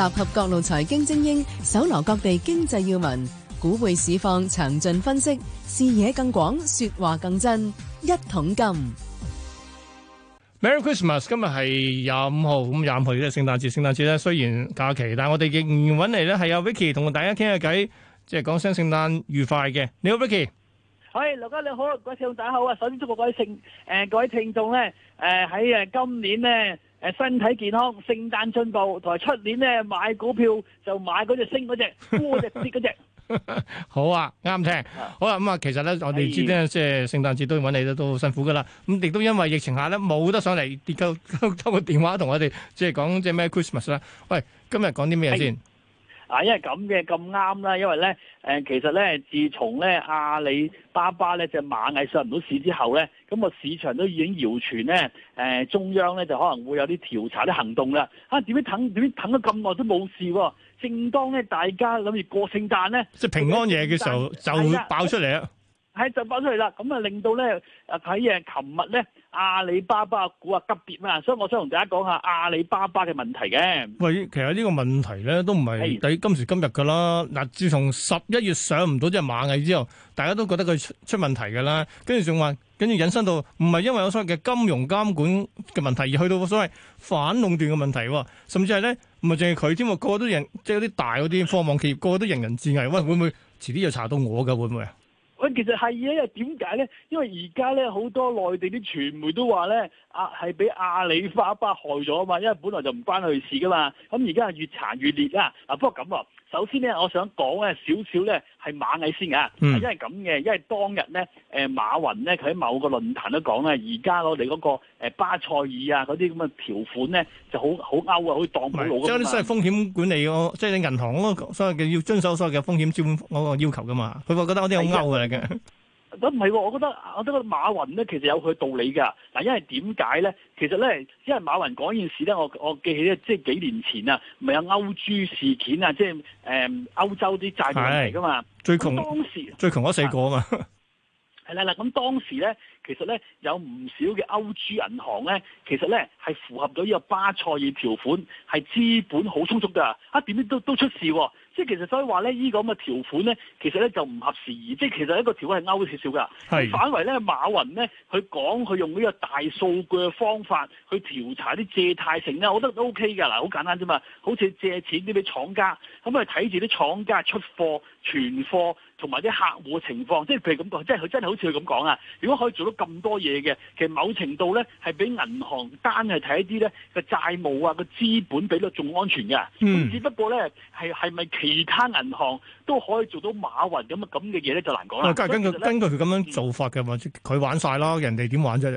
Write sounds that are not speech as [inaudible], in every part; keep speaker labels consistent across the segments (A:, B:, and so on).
A: 集合各路財經精英，搜羅各地經濟要聞，股匯市況，詳盡分析，視野
B: 更廣，説話更真，一桶金。Merry Christmas！今日係廿五號，咁廿五號即係聖誕節。聖誕節咧，雖然假期，但係我哋仍然揾嚟咧係有 Vicky 同大家傾下偈，即係講聲聖誕愉快嘅。你好，Vicky。係，劉
C: 家你好，各位聽眾大家好啊！首先祝各位聽，誒各位聽眾咧，誒喺誒今年咧。誒，身體健康，聖誕進步，同埋出年咧買股票就買嗰隻升嗰隻，嗰隻
B: 跌嗰隻。隻 [laughs] 好啊，啱聽。 [laughs] 好啦，咁啊，其實咧， [laughs] 我哋知咧，即係聖誕節都要搵你咧，都辛苦㗎喇。咁亦都因為疫情下咧，冇得上嚟，透過透過電話同我哋即係、就、講、是、即係咩 Christmas 啦。喂，今日講啲咩先？ [laughs] [laughs]
C: 啊，因為咁嘅咁啱啦，因為咧，誒、呃、其實咧，自從咧阿里巴巴咧隻螞蟻上唔到市之後咧，咁、那個市場都已經謠傳咧，誒、呃、中央咧就可能會有啲調查啲行動啦。嚇、啊，點樣等點樣等咗咁耐都冇事喎？正當咧大家諗住過聖誕咧，即係平安夜嘅時候就爆出嚟啊！哎喺振翻出嚟啦，咁啊令到咧睇嘢。琴日咧阿里巴巴股啊急跌啦，所以我想同大家講下阿里巴巴嘅問題嘅
B: 喂。其實呢個問題咧都唔係喺今時今日噶啦。嗱，自從十一月上唔到啲螞蟻之後，大家都覺得佢出出問題噶啦。跟住仲話，跟住引申到唔係因為有所謂嘅金融監管嘅問題，而去到所謂反壟斷嘅問題，甚至係咧唔係淨係佢添喎。個個都人即係啲大嗰啲科網企業，個個都人人自危。喂，會唔會遲啲又查到我噶？會唔會啊？
C: 其實係啊，因為點解咧？因為而家咧好多內地啲傳媒都話咧啊係俾阿里巴巴害咗啊嘛，因為本來就唔關佢事噶嘛，咁而家係越殘越烈啦。啊，不過咁。首先咧，我想講咧少少咧係螞蟻先嘅，因為咁嘅，因為當日咧，誒馬雲咧佢喺某個論壇都講咧，而家我哋嗰個巴塞爾啊嗰啲咁嘅條款咧就好好歐啊，好似當鋪佬，即係啲所謂
B: 風險管理，即係你銀行嗰個所謂嘅要遵守所謂嘅風險資本嗰個要求㗎嘛。佢話覺得嗰啲好歐嚟嘅。
C: 咁唔係喎，我覺得，我覺得馬雲咧其實有佢道理㗎。嗱，因為點解咧？其實咧，因為馬雲講件事咧，我我記起咧，即係幾年前啊，咪有歐豬事件啊，即係誒歐洲啲債問題㗎嘛。的最窮當時最窮嗰四個啊嘛。係啦，嗱，咁當時咧。其實咧有唔少嘅歐豬銀行咧，其實咧係符合到呢個巴塞爾條款，係資本好充足噶。啊點點都都出事喎！即係其實所以話咧，呢個咁嘅條款咧，其實咧就唔合時宜。即係其實一個條款係歐少少㗎。係的反為咧馬雲咧，佢講佢用呢個大數據嘅方法去調查啲借貸情況，我覺得 O K 㗎。嗱，好簡單啫嘛，好似借錢啲俾廠家，咁啊睇住啲廠家出貨存貨同埋啲客戶嘅情況。即係譬如咁講，即係佢真係好似佢咁講啊！如果可以做到。咁多嘢嘅，其實某程度咧係俾銀行單係睇一啲咧嘅債務啊，個資本比率仲安全嘅。咁、嗯、只不過咧係係咪其他銀行都可以做到馬雲咁嘅咁嘅嘢咧，就難講啦。根據根據佢
B: 咁樣做法嘅，或者佢玩晒啦，人哋點玩啫？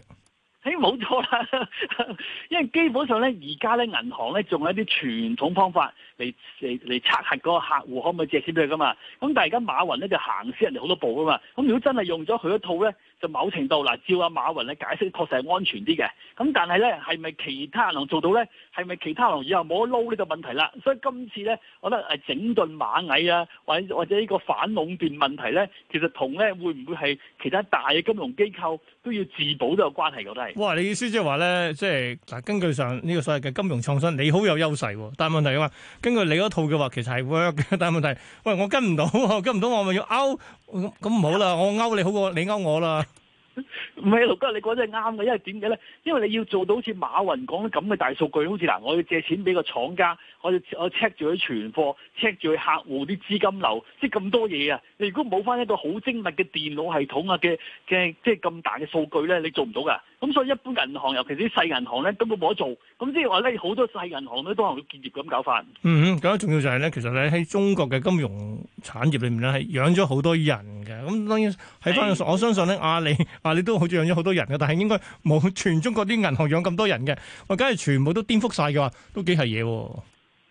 C: 誒冇錯啦，因為基本上咧而家咧銀行咧仲有一啲傳統方法嚟嚟嚟測核嗰個客戶可唔可以借錢俾佢噶嘛？咁但係而家馬雲咧就行先人哋好多步噶嘛？咁如果真係用咗佢一套咧？就某程度嗱，照阿馬雲咧解釋，確實係安全啲嘅。咁但係咧，係咪其他人能做到咧？係咪其他人以後冇得撈呢個問題啦？所以今次咧，我覺得係整頓螞蟻啊，或或者呢個反壟斷問題咧，其實同咧會唔會係其他大嘅金融機構都要自保都有關係？我覺得
B: 係。哇！你意思即係話咧，即係嗱，根據上呢個所謂嘅金融創新，你好有優勢喎、啊。但係問題話，根據你嗰套嘅話，其實係 work 嘅。但係問題，喂，我跟唔到，跟唔到，我咪要勾咁唔好啦，我勾你好過你勾我啦。唔係，六 [laughs] 哥，你講得係啱嘅，因為點解咧？因為你要做到好似馬雲
C: 講咁嘅大數據，好似嗱，我要借錢俾個廠家，我要我 check 住佢存貨，check 住佢客戶啲資金流，即係咁多嘢啊！你如果冇翻一個好精密嘅電腦系統啊嘅嘅，即係咁大嘅數據咧，你做唔到㗎。咁所以一般銀行，尤其是啲細銀行咧，根本冇得做。咁即係話咧，好多細銀行咧都可能會結業咁搞法。嗯
B: 哼，更重要就係咧，其實咧喺中國嘅金融產業裏面咧，係養咗好多人。咁當然喺翻，我相信咧阿里，阿里都好似養咗好多人嘅，但係應該冇全中國啲銀行養咁多人嘅，我梗係全部都顛覆晒嘅話，都幾係嘢。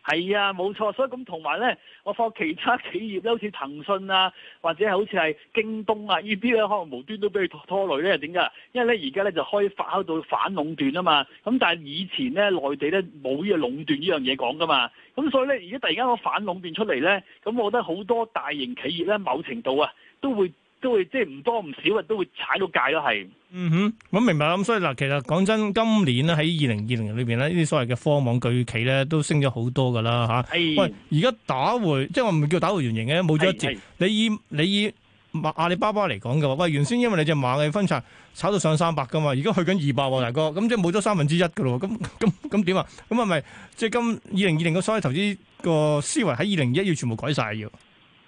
C: 係啊，冇錯，所以咁同埋咧，我發覺其他企業咧，好似騰訊啊，或者係好似係京東啊、呢啲，咧，可能無端都俾佢拖累咧，點解？因為咧而家咧就開始發到反壟斷啊嘛。咁但係以前咧內地咧冇呢個壟斷呢樣嘢講㗎嘛。咁所以咧，而家突然間個反壟斷出嚟咧，咁我覺得好多大型企業咧，某程度啊～都會都會，即係唔多唔少啊，都會踩到界
B: 咯，係。嗯哼，咁明白啦，咁，所以嗱，其實講真，今年咧喺二零二零年裡邊咧，呢啲所謂嘅科網巨企咧都升咗好多噶啦吓。是喂，而家打回，即係我唔係叫打回原形嘅，冇咗一截。你以你以阿里巴巴嚟講嘅話，喂，原先因為你隻螞蟻分拆炒到上三百噶嘛，而家去緊二百喎，大哥，咁即係冇咗三分之一噶咯，咁咁咁點啊？咁係咪即係今二零二零嘅所謂投資個思維喺二零二一要全部改晒要？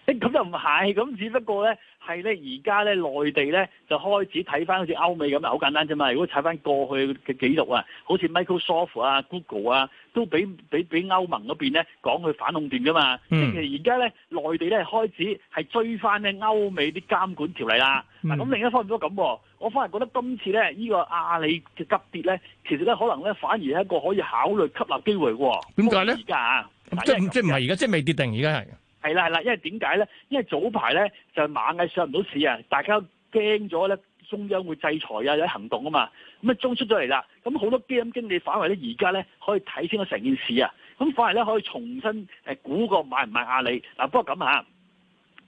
C: 咁、欸、就唔係，咁只不過咧，係咧而家咧，內地咧就開始睇翻好似歐美咁啊，好簡單啫嘛。如果睇翻過去嘅記錄啊，好似 Microsoft 啊、Google 啊，都俾俾俾歐盟嗰邊咧講去反壟斷噶嘛。嗯、即係而家咧，內地咧開始係追翻咧歐美啲監管條例啦。咁、嗯啊、另一方面都咁、啊，我反而覺得今次咧，呢、呢個阿里嘅急跌咧，其實咧可能咧反而係一個可以考慮吸納機會喎、啊。
B: 點解咧？而家即即唔係而家，即係、啊、未跌定，而家係。
C: 係啦，係啦，因為點解咧？因為早排咧就係螞蟻上唔到市啊，大家驚咗咧，中央會制裁啊，有行動啊嘛。咁啊，中出咗嚟啦。咁好多基金經理反為咧，而家咧可以睇清咗成件事啊。咁反而咧可以重新誒估過，買唔買阿里嗱。不過咁吓，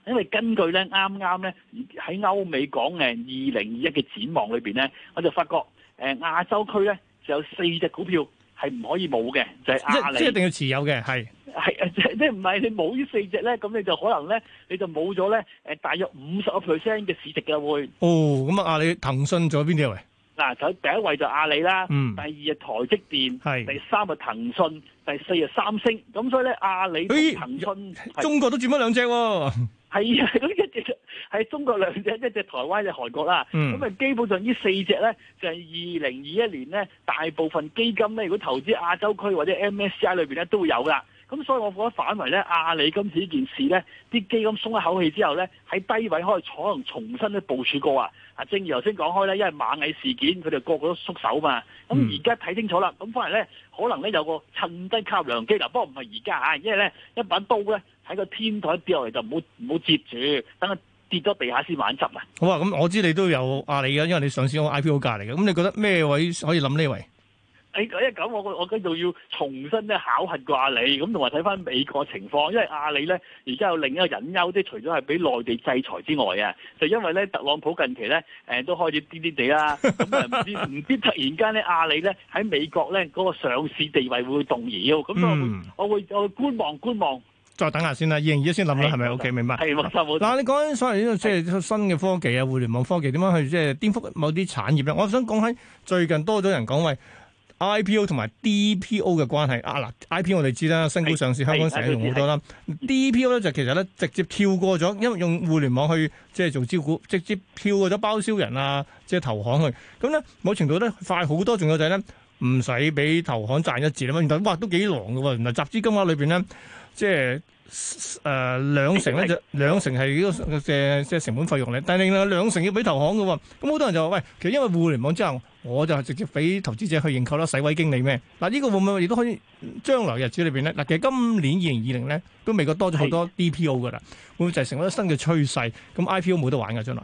C: 因為根據咧啱啱咧喺歐美講誒二零二一嘅展望裏邊咧，我就發覺誒亞洲區咧就有四隻股票係唔可以冇
B: 嘅，就係、是、阿里，即一定要持有嘅係。係
C: 啊，即係即係唔係你冇呢四隻咧，咁你就可能咧，你就冇咗咧，大約五十個 percent 嘅市值嘅會。哦，
B: 咁啊阿里、騰訊仲有邊啲啊？
C: 嗱，就第一位就阿里啦，嗯、第二係台積電，是第三係騰訊，第四係三星。咁所以咧，阿里同騰訊、哎、是中國都佔
B: 咗兩隻喎、哦。
C: 係啊，咁一隻係中國兩隻，一隻台灣，一隻韓國啦。咁啊、嗯，基本上呢四隻咧，就係二零二一年咧，大部分基金咧，如果投資亞洲區或者 MSCI 裏面咧，都會有啦。咁所以，我覺得反為咧，阿、啊、里今次呢件事咧，啲基金鬆一口氣之後咧，喺低位可以可能重新咧部署過啊！啊，正如頭先講開咧，因為螞蟻事件，佢哋個個都縮手嘛。咁而家睇清楚啦，咁反而咧，可能咧有個趁低吸良機啦。不過唔係而家嚇，因為咧一把刀咧喺個天台下跌落嚟就唔好唔好接住，等佢跌咗地下先慢慢
B: 執啊。好啊，咁、嗯、我知你都有阿里嘅，因為你上次嗰個 IPO 價嚟嘅。咁你覺得咩位可以諗呢位？
C: 誒一咁，我我跟住要重新咧考核過阿里，咁，同埋睇翻美國情況，因為阿里咧而家有另一個隱憂，即係除咗係俾內地制裁之外啊，就因為咧特朗普近期咧誒都開始跌跌地啦，咁啊唔知唔知突然間咧阿里咧喺美國咧嗰個上市地位會動搖咁，我會、嗯、我會我會觀望觀望，
B: 再等下先啦，二零二一先諗啦，係咪 OK？明白？係冇錯冇錯嗱，你講緊所謂呢個即係新嘅科技啊，互聯網科技點樣去即係顛覆某啲產業咧？我想講喺最近多咗人講話。IPO 同埋 DPO 嘅關係啊嗱，IPO 我哋知啦，新股上市是香港成日用好多啦，DPO 咧就其實咧直接跳過咗，因為用互聯網去即係做招股，直接跳過咗包銷人啊，即係投行去，咁咧某程度咧快好多，仲有就係咧唔使俾投行賺一截啦嘛，原來哇都幾狼㗎喎，原來集資金額裏邊咧即係。誒、呃，兩成咧就 [coughs] 兩成係呢個即即係成本費用嚟，但係另外兩成要俾投行嘅，咁好多人就話喂，其實因為互聯網之後，我就係直接俾投資者去認購啦，洗委經理咩？嗱、啊、呢、這個會唔會亦都可以將來日子裏邊咧？嗱、啊，其實今年二零二零咧都未覺多咗好多 DPO 噶啦，是會唔會就係成為咗新嘅趨勢？咁 IPO 冇得玩嘅將來？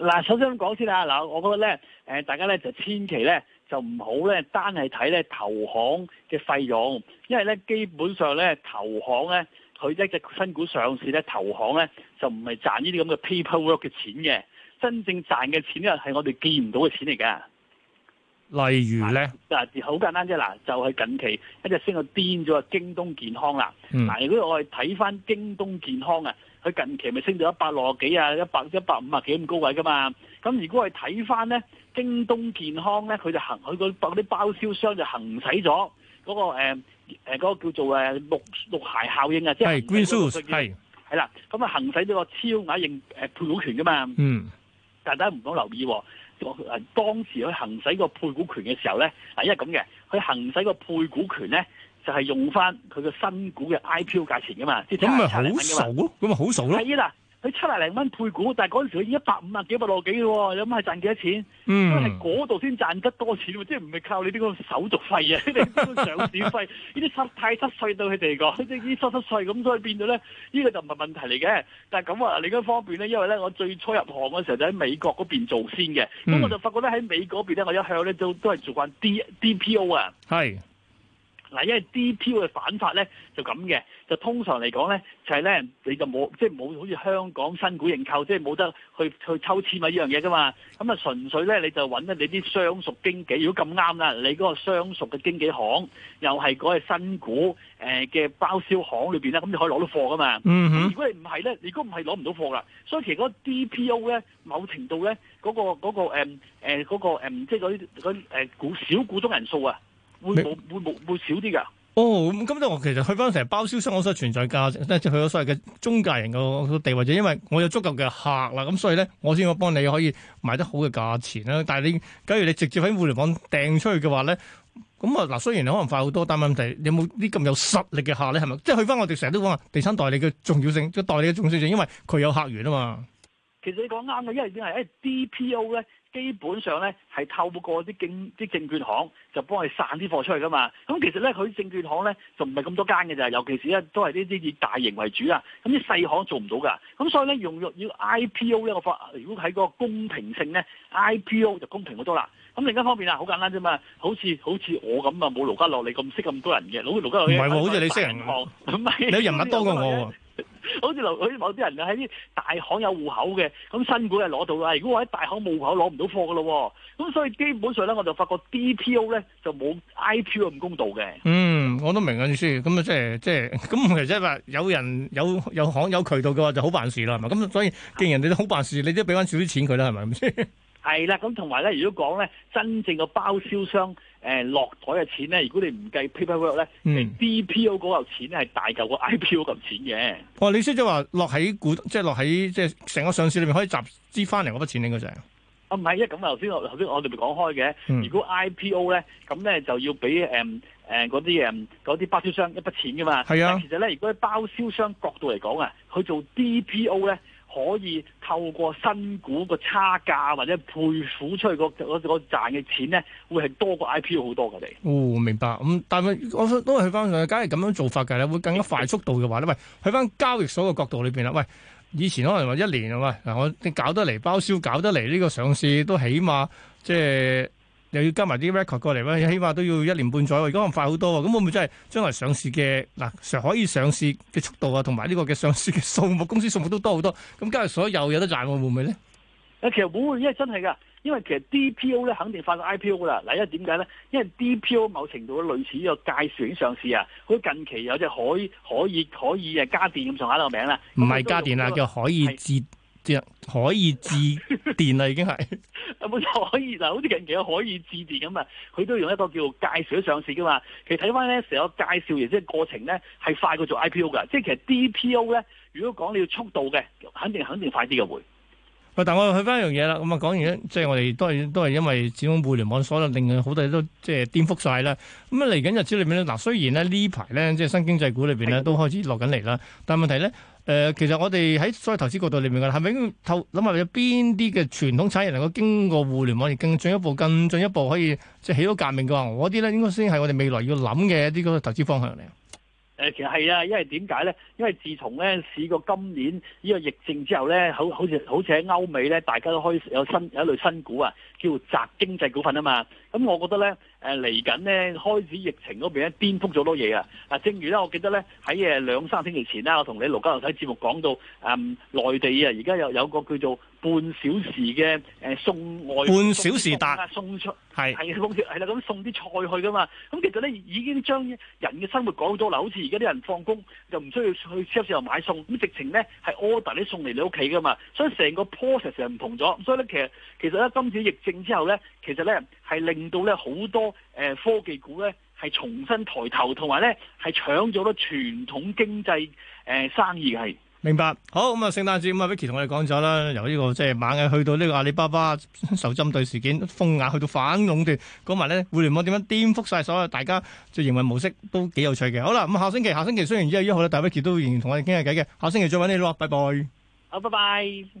C: 嗱，首先咁講先啦。嗱，我覺得咧，誒、呃，大家咧就千祈咧就唔好咧單係睇咧投行嘅費用，因為咧基本上咧投行咧。佢一隻新股上市咧，投行咧就唔係賺呢啲咁嘅 paperwork 嘅錢嘅，真正賺嘅錢咧係我哋見唔到嘅錢嚟㗎。
B: 例如咧，
C: 嗱好、啊、簡單啫，嗱就係、是、近期一隻升到癲咗啊，京東健康啦。嗱、嗯、如果我哋睇翻京東健康啊，佢近期咪升到一百六十幾啊，一百一百五十幾咁高位㗎嘛。咁如果係睇翻咧，京東健康咧，佢就行佢嗰啲包銷商就行使咗。嗰、那個誒誒、呃那個、叫做誒綠綠鞋效應啊，即係 green shoe，係係啦。咁啊是的行使咗個超額認誒配股權噶嘛，嗯，但大家唔好留意，我係當時佢行使個配股權嘅時候咧，嗱，因為咁嘅，佢行使個配股權咧，就係用翻佢個新股嘅 IPO 價錢噶嘛，即係大產咁咪好熟咯，
B: 咁咪好熟咯，係
C: 啦。佢七廿零蚊配股，但係嗰陣時佢已經一百五啊幾百落幾嘅喎，咁係賺幾多錢？咁係嗰度先賺得多錢喎，即係唔係靠你啲咁嘅手續費啊，啲咁嘅上市費，呢啲 [laughs] 太濕碎對佢哋嚟講，即啲濕濕碎咁都變到咧，呢、呢個就唔係問題嚟嘅。但係咁啊，另一方面咧，因為咧我最初入行嘅時候就喺美國嗰邊做先嘅，咁、mm. 我就發覺咧喺美國嗰邊咧，我一向咧都都係做慣 D D P O 啊，hey. 嗱，因為 DPO 嘅反法咧就咁嘅，就通常嚟講咧就係、係、咧你就冇即係冇好似香港新股認購，即係冇得去去抽籤咪呢樣嘢噶嘛。咁啊，純粹咧你就搵咧你啲相熟經紀，如果咁啱啦，你嗰個相熟嘅經紀行又係嗰個新股誒嘅、呃、包銷行裏面咧，咁你可以攞到貨噶嘛。嗯哼如果你唔係咧，你嗰唔係攞唔到貨啦。所以其實嗰 DPO 咧，某程度咧嗰、嗰個嗰嗰即係嗰啲股小股東人數啊。會冇
B: 會冇會，會少啲噶？哦，咁咁即我其實去翻成包銷商，我所存在價值，即係去咗所謂嘅中介人嘅地位，就因為我有足夠嘅客啦，咁所以咧，我先可幫你可以賣得好嘅價錢啦。但係你假如你直接喺互聯網掟出去嘅話咧，咁啊嗱，雖然你可能快好多，但係問題你有冇啲咁有實力嘅客咧？係咪？即係去翻我哋成日都講話地產代理嘅重要性，即代理嘅重要性，因為佢有客源啊嘛。
C: 其實你講啱嘅，因為已經係 DPO 咧，基本上咧係透過啲啲證券行就幫佢散啲貨出去噶嘛。咁其實咧佢啲證券行咧就唔係咁多間嘅咋，尤其是咧都係呢啲以大型為主啊。咁啲細行做唔到噶。咁所以咧用要 IPO 呢個法，如果喺個公平性咧，IPO 就公平好多啦。咁另一方面啊，好簡單啫嘛。好似好似我咁啊，冇盧家樂你咁識咁多人嘅，盧家樂好似你識人，人你有人物多過我喎。 [laughs] 好似留嗰啲某啲人啊，喺啲大行有戶口嘅，咁新股係攞到啦。如果我喺大行冇戶口，攞唔到貨噶咯。咁所以基本上咧，我就發覺 D P O 咧就冇 I P O 咁公道嘅。
B: 嗯，我都明啊，意思。咁啊，即係即係，咁其實話有人有有行有渠道嘅話，就好辦事啦，係咪？咁所以既然人哋都好辦事，你都俾翻少啲錢佢啦，係咪咁先？
C: 係 [laughs] 啦，咁同埋咧，如果講咧，真正嘅包銷商。誒、呃、落台嘅錢咧，如果你唔計 paperwork 咧，DPO 嗰嚿錢係大嚿個 IPO 咁錢嘅。
B: 哇、哦！你意思即係話落喺股，即係落喺即係成個上市裏面可以集資翻嚟嗰筆錢應該就
C: 係。啊唔係，因為咁啊頭先頭先我哋咪講開嘅。
B: 嗯、
A: 如果
C: IPO 咧，咁咧就要俾誒誒嗰啲誒嗰啲包銷商一筆錢噶嘛。係啊。其實咧，如果喺包銷商角度嚟講啊，佢做 DPO 咧。可以透過新股個差價或者配股出去個個賺嘅錢咧，會係多過 IPO 好多嘅。你
B: 哦，明白咁、嗯，但係我都係去翻，假如係咁樣做法嘅咧，會更加快速度嘅話咧，喂， [laughs] 去翻交易所嘅角度裏邊啦，喂，以前可能話一年啊，喂嗱，我搞得嚟包銷，搞得嚟呢、呢個上市都起碼即係。又要加埋啲 record 過嚟喎，起碼都要一年半載喎。而家唔快好多咁，會唔會真係將來上市嘅，嗱可以上市嘅速度啊，同埋呢個嘅上市嘅數目公司數目都多好多，咁加埋所有有得賺喎，會唔會咧？啊，其實會，因為
C: 真係㗎，因為其實 DPO 咧肯定發個 IPO 㗎啦。嗱，因為點解咧？因為 DPO 某程度類似呢個介選上市啊，佢近期有隻可以可以可以嘅家電咁上下個名啦，唔係家電啊，叫可
B: 以接。可以自電啦，已經係，
C: [laughs] [laughs] 可以嗱，好似近期可以自電咁啊，佢都用一個叫做介紹上市噶嘛，其實睇翻咧成個介紹亦即係過程咧係快過做 IPO 噶，即係其實 DPO 咧如果講你要速度嘅，肯定肯定快啲嘅會。
B: 喂，但我去翻一樣嘢啦，咁啊講完即係我哋當然都係因為始終互聯網所咧令好多嘢都即係顛覆晒啦。咁啊嚟緊日子裏面咧，嗱雖然咧呢排咧即係新經濟股裏邊咧都開始落緊嚟啦，的但問題咧。誒、呃，其實我哋喺所有投資角度裏面嘅，係咪透諗下有邊啲嘅傳統產業能夠經過互聯網亦更進一步、更進一步可以即係起到革命嘅？我啲咧應該先係我哋未來要諗嘅一啲嗰個投資方向嚟。誒，
C: 其實係啊，因為點解咧？因為自從咧試過今年呢個疫症之後咧，好好似好似喺歐美咧，大家都開始有新有一類新股啊，叫宅經濟股份啊嘛。咁、嗯、我覺得咧。誒嚟緊咧，開始疫情嗰邊咧，顛覆咗好多嘢啊！嗱，正如咧，我記得咧，喺誒兩三星期前啦，我同你盧家授睇節目講到，誒、嗯、內地啊，而家有有個叫做半小時嘅、呃、送外半小時達送出係係啊，係啦，咁是送啲菜去噶嘛，咁、嗯、其實咧已經將人嘅生活改咗啦，好似而家啲人放工就唔需要去超市度買餸，咁直情咧係 order 你送嚟你屋企噶嘛，所以成個 process 係唔同咗，所以咧其實其實咧今次疫症之後咧。其實咧係令到咧好多誒科技股咧係重新抬頭，同埋咧係搶咗咧傳統經濟誒生意嘅
B: 係。明白，好咁啊，聖誕節咁啊，Vicky 同我哋講咗啦，由呢個即係螞蟻去到呢個阿里巴巴受針對事件，風眼去到反壟斷，講埋咧互聯網點樣顛覆晒所有大家嘅營運模式，都幾有趣嘅。好啦，咁下星期下星期雖然一月一號咧，但 Vicky 都仍然同我哋傾下偈嘅，下星期再搵你咯，拜拜。
C: 好，拜拜。